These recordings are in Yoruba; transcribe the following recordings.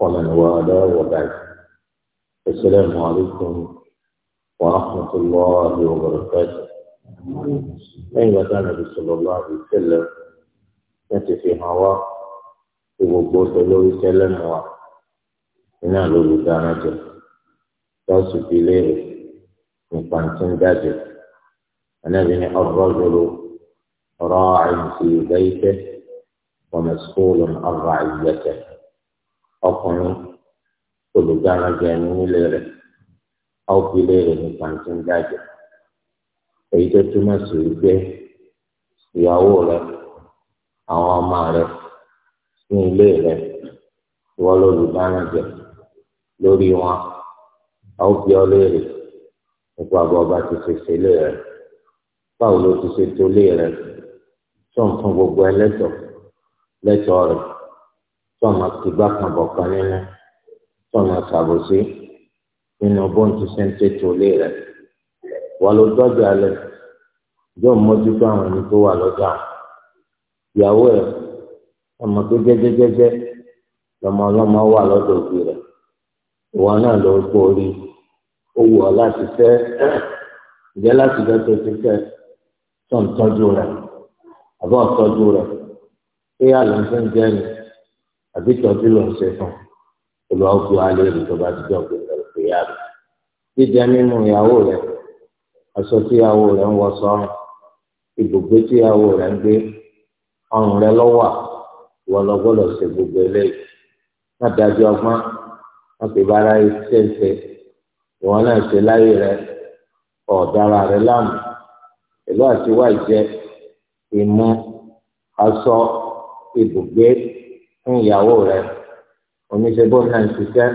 ومن والاه وبعد السلام عليكم ورحمة الله وبركاته أيوة كان النبي صلى الله عليه وسلم نتي في هواء gbogbo tẹlẹ orí tẹlẹ mọ wa iná lórí dáná jẹ lọsùn fi léèrè nípa tí ń dájẹ anábìíní ọrọ ومسؤول عن رعيته ọkùnrin olùgbàrànjẹ ẹni nílé rẹ̀ ọbílẹ rẹ̀ ní pàǹtín dájọ èyí tó túmọ̀ sí wípé ìyàwó rẹ̀ àwọn ọmọ rẹ̀ ní ilé rẹ̀ ìwọ lolùgbàrànjẹ lórí wọn ọbí ọlẹ́rẹ̀ nípa bọba ti ṣèṣe lé rẹ̀ báwo ló ti ṣètò lé rẹ̀ tó ń fún gbogbo ẹlẹ́tọ̀ọ́ lẹ́tọ̀ọ́ rẹ̀ tó máa ti gbá kan bọ̀ kan nínú tó máa ṣàbòsí nínú bóńtù sẹ́ńtẹ́ tó lé rẹ̀ wà ló dọ́jú alẹ́ yóò mójútó àwọn ẹni tó wà lọ́jà ìyàwó ẹ̀ ọmọ tó jẹ́jẹ́jẹ́jẹ́ lọmọ ọlọ́mọ wà lọ́dọ̀ òbí rẹ̀ ìwọ náà ló kó orí ó wù ọ́ láti fẹ́ ìjẹ́ láti jẹ́ tó ti fẹ́ tó ń tọ́jú rẹ̀ àbọ̀ tọ́jú rẹ̀ pé àlọ́ tó ń jẹ́ ni àbí tọ́jú ló ń ṣe fún olùwà òkú alẹ́ rẹ̀ tó bá ti jọ pé ẹ̀rọ pé yá rẹ̀ jíjẹ mímu ìyàwó rẹ̀ aṣọ tí ìyàwó rẹ̀ ń wọ sọ́run ibùgbé tí ìyàwó rẹ̀ ń gbé ọrùn rẹ̀ lọ́wọ́ ìwọ lọ gbọ́dọ̀ ṣe gbogbo eléyìí má dájú ọgbọ́n má fi bára ṣe ń ṣe ìwọ náà ṣe láyé rẹ ọ̀dára rẹ láàmú ìlú àti wáìjẹ ìmú aṣọ ibùgbé fún ìyàwó rẹ oníṣègùn náà ń ṣiṣẹ́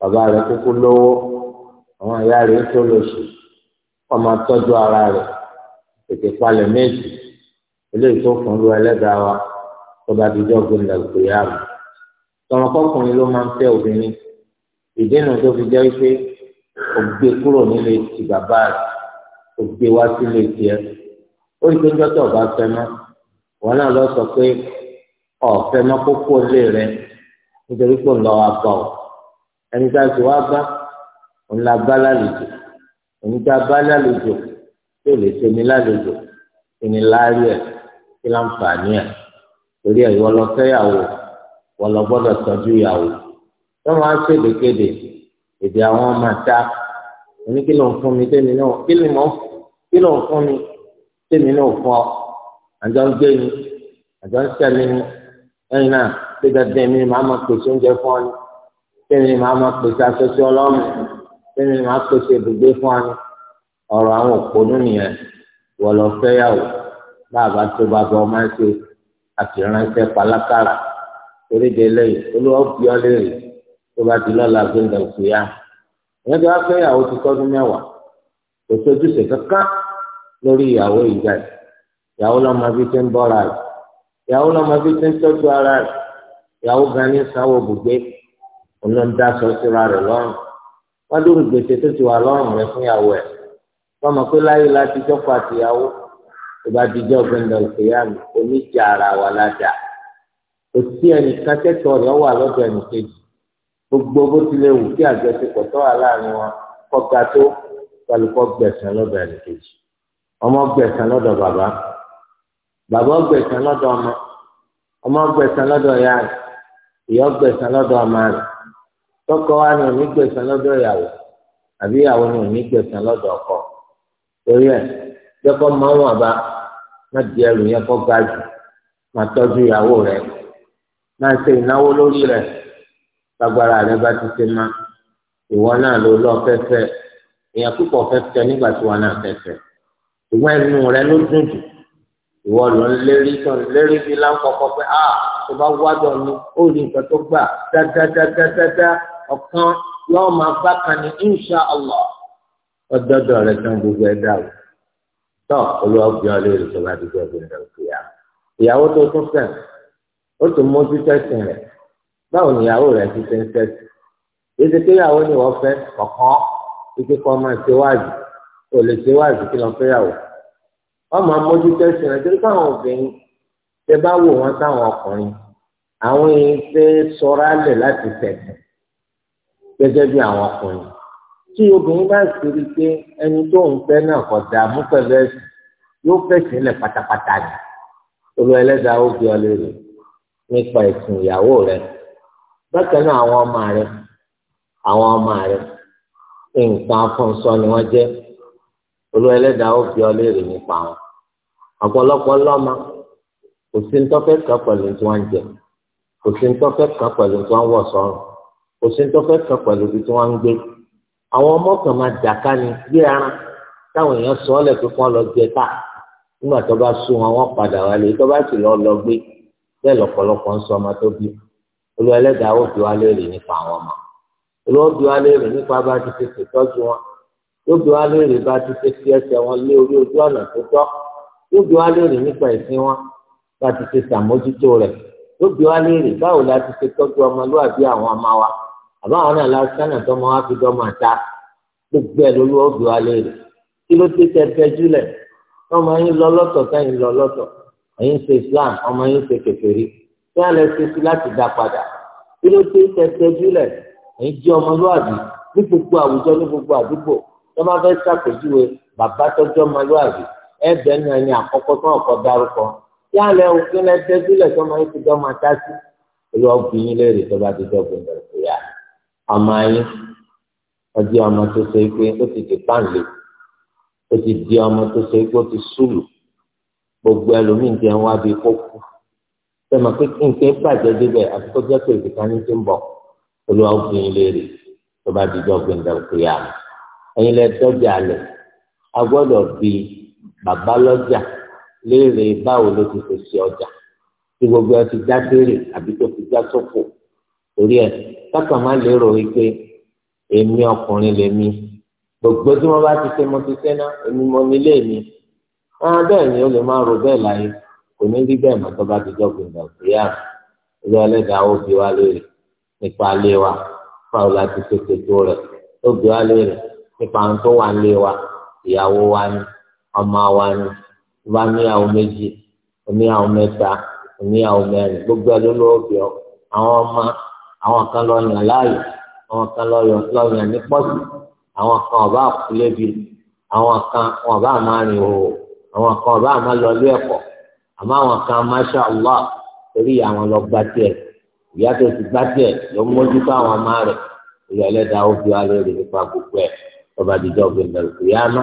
bàbá rẹ kúkú lówó àwọn ìyá rẹ tó lóṣù ọmọ tọ́jú ara rẹ tètè palẹ̀ méjì eléyìí tó fún lu ẹlẹ́dàá wa tó bá ti jọ́gbìn lẹ́gbẹ̀ẹ́ yá mi tọmọkọkùnrin ló máa ń fẹ́ obìnrin ìdènà tó fi jẹ́ pé ògbé kúrò nílé ti bàbá rẹ ògbé wá sílé tiẹ̀ ó rí pé ń jọ́tọ̀ bá fẹ́ mọ́ wọn náà lọ sọ pé ọ̀fẹ́ mọ́kókó lé rẹ nítorí pé ńlọ wa bá ọ ẹni tá a ti wá bá ńlá bá lálejò ẹni tá a bá lálejò tí ò lè tẹ̀mí lálejò ìní láàárí ẹ̀ kí láǹfààní ẹ̀ torí ẹ̀ wọ́n lọ fẹ́yàwó wọ́n lọ gbọ́dọ̀ tọ́jú ìyàwó wọ́n máa ń ṣèdèkéde èdè àwọn ọmọ ta òní kí ló ń fún mi tẹ́mi náà kí ló ń kí ló ń fún mi tẹ́mi náà fún ọ àjọ ń gbé ni àjọ ń sẹ́mi ni lẹ́yìn náà ṣé dandan mi ni màá máa pèsè oúnjẹ fún ọ ni ṣé mi ni màá máa pèsè aṣọ sí ọlọ́mù ṣé ni màá pèsè ibùgbé fún ọ ni ọ̀rọ̀ àwọn òpónú nìyẹn wọ́n lọ fẹ́yàwó bàbá tó bá bọ́ ọmọ ẹ̀ ṣe àti ránṣẹ́ palákàrà torí de lẹ́yìn olúwa bí ọ léèrè tó bá ti lọ́la gbẹ̀ngàn òkúyà e ìyẹn tó bá fẹ́yàwó ti tọ́dún mẹ́wàá kò ìyàwó lọ́mọ bí ti ń tọ́jú ara rẹ̀ ìyàwó gan ní sáwọ́ gbùgbé ọ̀nà ń dá aṣọ síra rẹ̀ lọ́rùn wọ́n dúró gbèsè tó ti wà lọ́rùn rẹ̀ fún ìyàwó ẹ̀ fọmọ pé láyé láti jọ́pọ̀ àtìyàwó ìbá dijọ́ gbẹ̀ndọ̀ ìpèyàmù oníjà ara wa ládà kò sí ẹnìkan kẹ́tọ̀ọ́ rẹ̀ wà lọ́dọ̀ ẹnìkejì gbogbo bó tilẹ̀ wù kí àjọṣepọ̀ tó wà láàrin wọn kọ́ka tó kálukọ́ gbẹ̀sán lọ́dọ̀ ẹnìkejì ọmọ gbẹ̀sán lọ́dọ̀ bàbá bàbá ọgbẹ̀sán lọ́dọ̀ ọmọ ọmọ ọgbẹ̀sán lọ́dọ̀ ìyá rẹ̀ ìyá ọgbẹ̀sán lọ́dọ̀ ọmọ rẹ̀ tọkọ wa ni òní gbẹ̀sán lọ́dọ̀ ìyàwó àbí ìyàwó ni òní gbẹ̀sán lọ́dọ̀ ọkọ torí jẹ́kọ́ máa ń wà bá má di ẹrù yẹn kọ́ ga jù má tọ́jú ìyàwó rẹ̀ má ṣe ìnáwó lórí rẹ̀ lágbára bá ti ṣe má ìwọ náà ló lọ fẹ́fẹ́ èèyàn púpọ̀ fẹ́fẹ́ nígbà tí wọn náà ìwọ lọ ń lérí tó ń lérí bí láǹkọ̀kọ̀ pé a ah, tó bá wádọ̀ ni ó rí nǹkan tó gbà dáadáadáadáa ọ̀kan yóò máa bá kan ní insha allah ọdọọdọ rẹ tán gbogbo ẹ dà o tọ olùwàgbé ọ lórí ìjọba àdúgbò ẹgbẹrún rẹ kò yá ìyàwó tó tún fẹ́ ó tún mójú tẹsán rẹ báwo ni ìyàwó rẹ ti ṣe ń tẹsán ètò ìyàwó ni wọ́n fẹ́ kọ̀ọ̀kan títí máa ṣe wáàzì kò lè ṣe wáàzì kí lọ́n fẹ́ yàwó wọ́n máa mójú tẹ̀sán rẹ̀ torí káwọn obìnrin tẹ bá wò wọ́n sáwọn ọkùnrin àwọn èèyàn fẹ́ sọ̀rọ̀ alẹ̀ láti tẹ̀sán gẹ́gẹ́ bí àwọn ọkùnrin tí obìnrin bá sì rí i pé ẹni tó ń fẹ́ náà kọ̀ dààmú pẹ̀lú ẹ̀sìn yóò fẹ̀sìn lẹ̀ pátápátá ni olú ẹlẹ́dàá ó bí ọ lérè nípa ẹ̀sìn ìyàwó rẹ̀ bákan náà àwọn ọmọ rẹ̀ àwọn ọmọ rẹ̀ nǹkan afọ́nsọ́ ni wọ́n jẹ́ olú ẹlẹ́dàá ó bí ọ lérè nípa wọn ọ̀pọ̀lọpọ̀ lọ́mọ kò sí ní tọ́fẹ́ kan pẹ̀lú tí wọ́n ń jẹ kò sí ní tọ́fẹ́ kan pẹ̀lú tí wọ́n ń wọ̀ sọ́run kò sí ní tọ́fẹ́ kan pẹ̀lú tí wọ́n ń gbé àwọn ọmọ kan máa dàka ni gbé ara táwọn èèyàn sọ ọ́lẹ̀ pé kán lọ jẹ ta nígbà tó bá sún wọn wọ́n padà wálé tó bá sì lọ lọ gbé bẹ́ẹ̀ lọ́pọ̀lọpọ̀ ń sọ ọmọ tó bí olú ẹlẹ́dàá ó bí wá léèrè nípa àwọn ọmọ olú ó bí wá léèrè nípa bá ti ṣe ṣètọ́jú wọn yóò bí wá léèrè bá ti ṣe ẹsẹ̀ wọn lé orí ojú ọ̀nà tó tọ́ yóò bí wá léèrè nípa ẹ̀sìn wọn bá ti ṣe ṣàmójútó rẹ̀ yóò bí wá léèrè báwo la ti ṣe tọ́jú ọmọlúwàbí àwọn ọmọ wa àbáwọn náà la sánà tọmọ wa fi dọ́mọ ta gbogbo ẹ̀ lólu ó bí léèrè kí ló dé tẹ́tẹ́ jùlẹ̀ ọmọ yín lọ lọ́tọ̀ sẹ́yìn lọ lọ́tọ̀ ẹ̀yin ṣe Islam ọmọ yín ṣe kékeré kí á lẹ ṣe sí láti dá padà kí ló dé tẹ́tẹ́ jùlẹ̀ ẹ̀yin jẹ́ ọmọlúwàbí ní gbogbo àwùjọ ní gbogbo àdúgbò tó bá fẹ́ ṣàpèjúwe bàbá tọ́jú ọmọlúwàbí ẹ̀bẹ̀ náà ni àkọ́kọ́ tó ọ̀kọ́ dárúkọ tí a lẹ òfin lẹ tẹ sílẹ̀ tó máa ń fi dọ́ máa tásí olú ọgbìn léèrè tó bá ti dọ́gbìn bẹ̀rẹ̀ sí ya ọmọ ayé ọdí ọmọ tó ṣe pé ó ti di páńlé ó ti di ọmọ tó ṣe pé ó ti súlù gbogbo ẹlòmíín jẹun wá bíi kókó tẹmọ pé kí n ké bàjẹ́ débẹ̀ àti kó jẹ́ pé ìdíkà ní ti ń bọ̀ olú ọgbìn léèrè tó bá ti dọ́gbìn bẹ̀rẹ̀ sí ya ẹ̀yin lẹ tọ́jà lẹ̀ agbọ́dọ̀ bíi bàbá lọ́jà léèrè báwo ló ti fèsì ọjà tí gbogbo ẹ ti já béèrè àbí tó fi já sófò torí ẹ kákan má lérò wípé èmi ọkùnrin lèmi gbogbo tí wọn bá ti ṣe mo ti ṣe ná èmi mo nílé mi wọn bẹ́ẹ̀ ni ó lè máa ro bẹ́ẹ̀ láyé kò ní rí bẹ́ẹ̀ mọ́ tó bá ti jọgbìn náà ìyá ìlú ẹlẹ́dàá ó bi wá léèrè nípa ilé wa báwo la ti ṣe ṣètò rẹ̀ ó bi wá léèrè nípa ohun tó wà ń lé wa ìyàwó wa ni ọmọ wa ni tó bá níyàwó méjì oníyàwó mẹ́ta oníyàwó mẹ́rin gbogbo ẹ ló lọ́wọ́ bí ọ àwọn ọmọ àwọn kan lọ yàn láàyè àwọn kan lọ yàn ní pọ́sì àwọn kan ọba àkúlẹ́bí àwọn kan ọba àmàrin òwò àwọn kan ọba àmà lọlé ẹ̀kọ́ àmọ́ àwọn kan masha allah torí àwọn lọ gbá tiẹ̀ ìyá tó ti gbá tiẹ̀ ló mójútó àwọn ọmọ rẹ̀ ìyá ẹlẹ́dàá ó fi wá lórí nípa gbogbo ẹ̀ ọba àdìjọ́ gbẹ̀ndẹ̀rù kìyàmá.